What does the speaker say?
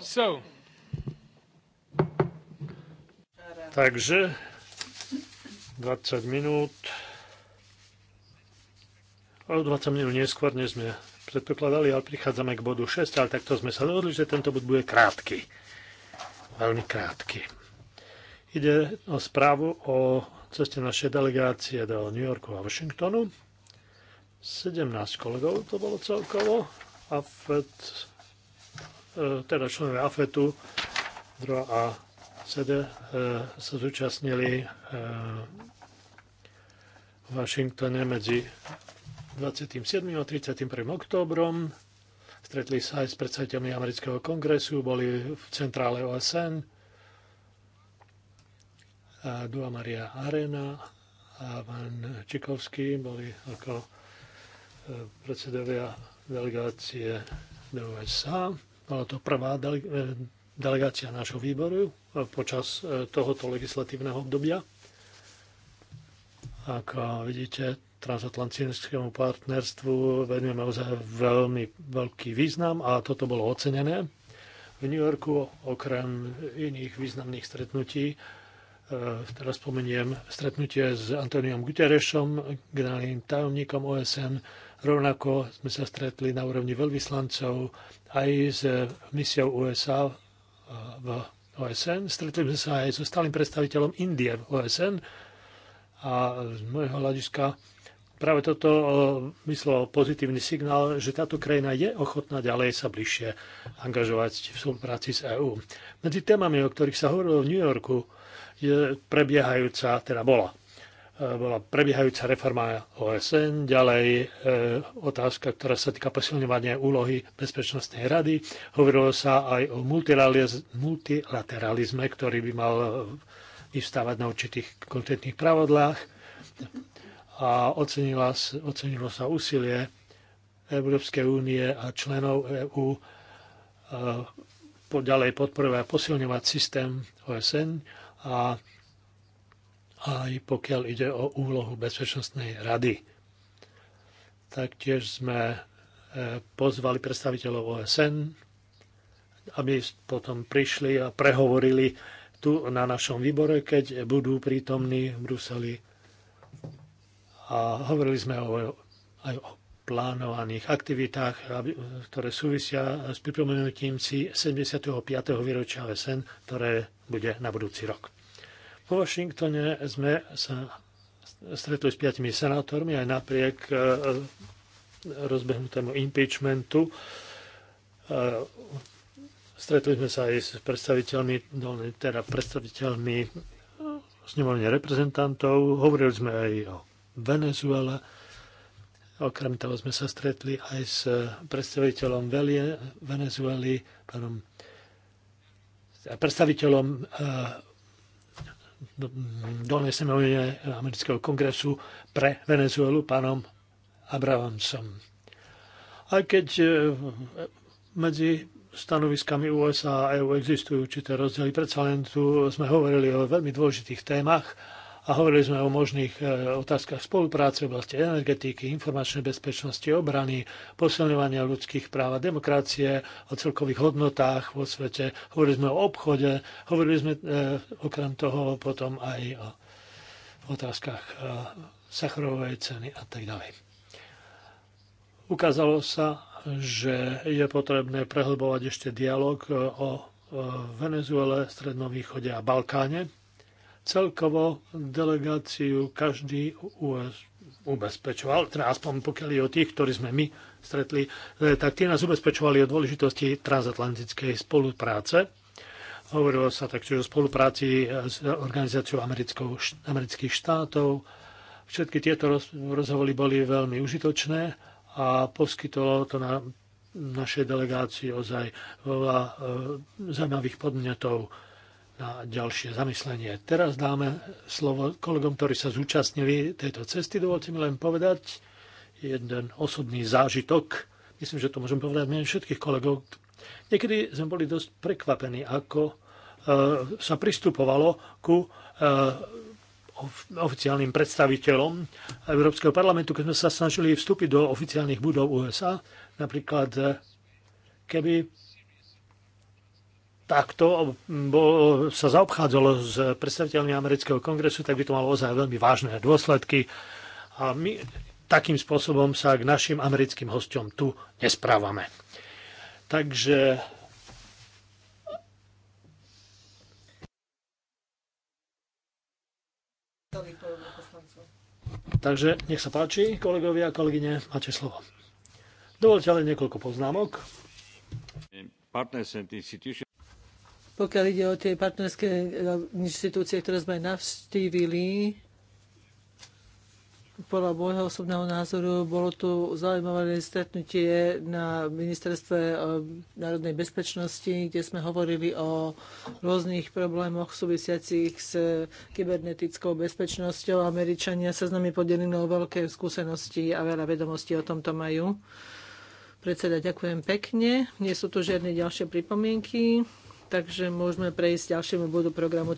So. Takže 20 minút. O 20 minút neskôr, než sme predpokladali, ale prichádzame k bodu 6, ale takto sme sa dohodli, že tento bod bude krátky. Veľmi krátky. Ide o správu o ceste našej delegácie do New Yorku a Washingtonu. 17 kolegov to bolo celkovo a FED E, teda členové AFETu, DRO a CD e, sa zúčastnili e, v Washingtone medzi 27. a 31. októbrom. Stretli sa aj s predstaviteľmi amerického kongresu, boli v centrále OSN. A Dua Maria Arena a Van Čikovský boli ako predsedovia delegácie do USA. Bola to prvá e, delegácia nášho výboru e, počas e, tohoto legislatívneho obdobia. Ako vidíte, transatlantickému partnerstvu venujeme naozaj veľmi veľký význam a toto bolo ocenené. V New Yorku okrem iných významných stretnutí E, teraz spomeniem stretnutie s Antoniom Guterešom, generálnym tajomníkom OSN. Rovnako sme sa stretli na úrovni veľvyslancov aj s misiou USA v OSN. Stretli sme sa aj so stálym predstaviteľom Indie v OSN a z môjho hľadiska práve toto eh, vyslal pozitívny signál, že táto krajina je ochotná ďalej sa bližšie angažovať v spolupráci s EÚ. Medzi témami, o ktorých sa hovorilo v New Yorku, je prebiehajúca, teda bola, eh, bola prebiehajúca reforma OSN, ďalej e, otázka, ktorá sa týka posilňovania úlohy Bezpečnostnej rady. Hovorilo sa aj o multilateralizme, ktorý by mal vystávať na určitých konkrétnych pravodlách a ocenila, ocenilo sa úsilie Európskej únie a členov EÚ e, ďalej podporovať a posilňovať systém OSN a aj pokiaľ ide o úlohu Bezpečnostnej rady. Taktiež sme e, pozvali predstaviteľov OSN, aby potom prišli a prehovorili tu na našom výbore, keď budú prítomní v Bruseli a hovorili sme o, aj o plánovaných aktivitách, ktoré súvisia s pripomenutím si 75. výročia SN, ktoré bude na budúci rok. Po Washingtone sme sa stretli s piatimi senátormi aj napriek e, rozbehnutému impeachmentu. E, stretli sme sa aj s predstaviteľmi, teda predstaviteľmi e, snemovne reprezentantov. Hovorili sme aj o Venezuela. Okrem toho sme sa stretli aj s predstaviteľom Venezuely, pánom predstaviteľom eh, dolnej semovine amerického kongresu pre Venezuelu, pánom Abrahamsom. Aj keď eh, medzi stanoviskami USA a EU existujú určité rozdiely. Predsa len tu sme hovorili o veľmi dôležitých témach a hovorili sme o možných e, otázkach spolupráce v oblasti energetiky, informačnej bezpečnosti, obrany, posilňovania ľudských práv a demokracie, o celkových hodnotách vo svete. Hovorili sme o obchode, hovorili sme e, okrem toho potom aj o otázkach e, sacharovej ceny a tak ďalej. Ukázalo sa, že je potrebné prehlbovať ešte dialog o Venezuele, Strednom východe a Balkáne celkovo delegáciu každý ubezpečoval, teda aspoň pokiaľ je o tých, ktorí sme my stretli, e, tak tí nás ubezpečovali o dôležitosti transatlantickej spolupráce. Hovorilo sa taktiež o spolupráci e, s organizáciou amerických štátov. Všetky tieto rozhovory boli veľmi užitočné a poskytovalo to na našej delegácii ozaj veľa e, zaujímavých podnetov na ďalšie zamyslenie. Teraz dáme slovo kolegom, ktorí sa zúčastnili tejto cesty. Dovolte mi len povedať jeden osobný zážitok. Myslím, že to môžem povedať menej všetkých kolegov. Niekedy sme boli dosť prekvapení, ako e, sa pristupovalo ku e, oficiálnym predstaviteľom Európskeho parlamentu, keď sme sa snažili vstúpiť do oficiálnych budov USA. Napríklad, e, keby takto bol, sa zaobchádzalo s predstaviteľmi amerického kongresu, tak by to malo ozaj veľmi vážne dôsledky. A my takým spôsobom sa k našim americkým hostom tu nesprávame. Takže Takže nech sa páči, kolegovia a kolegyne, máte slovo. Dovolte ale niekoľko poznámok. Pokiaľ ide o tie partnerské eh, inštitúcie, ktoré sme navštívili, podľa môjho osobného názoru bolo tu zaujímavé stretnutie na ministerstve eh, národnej bezpečnosti, kde sme hovorili o rôznych problémoch súvisiacich s eh, kybernetickou bezpečnosťou. Američania sa s nami podelili o veľké skúsenosti a veľa vedomostí o tomto majú. Predseda, ďakujem pekne. Nie sú tu žiadne ďalšie pripomienky. Takže môžeme prejsť ďalšiemu bodu programu.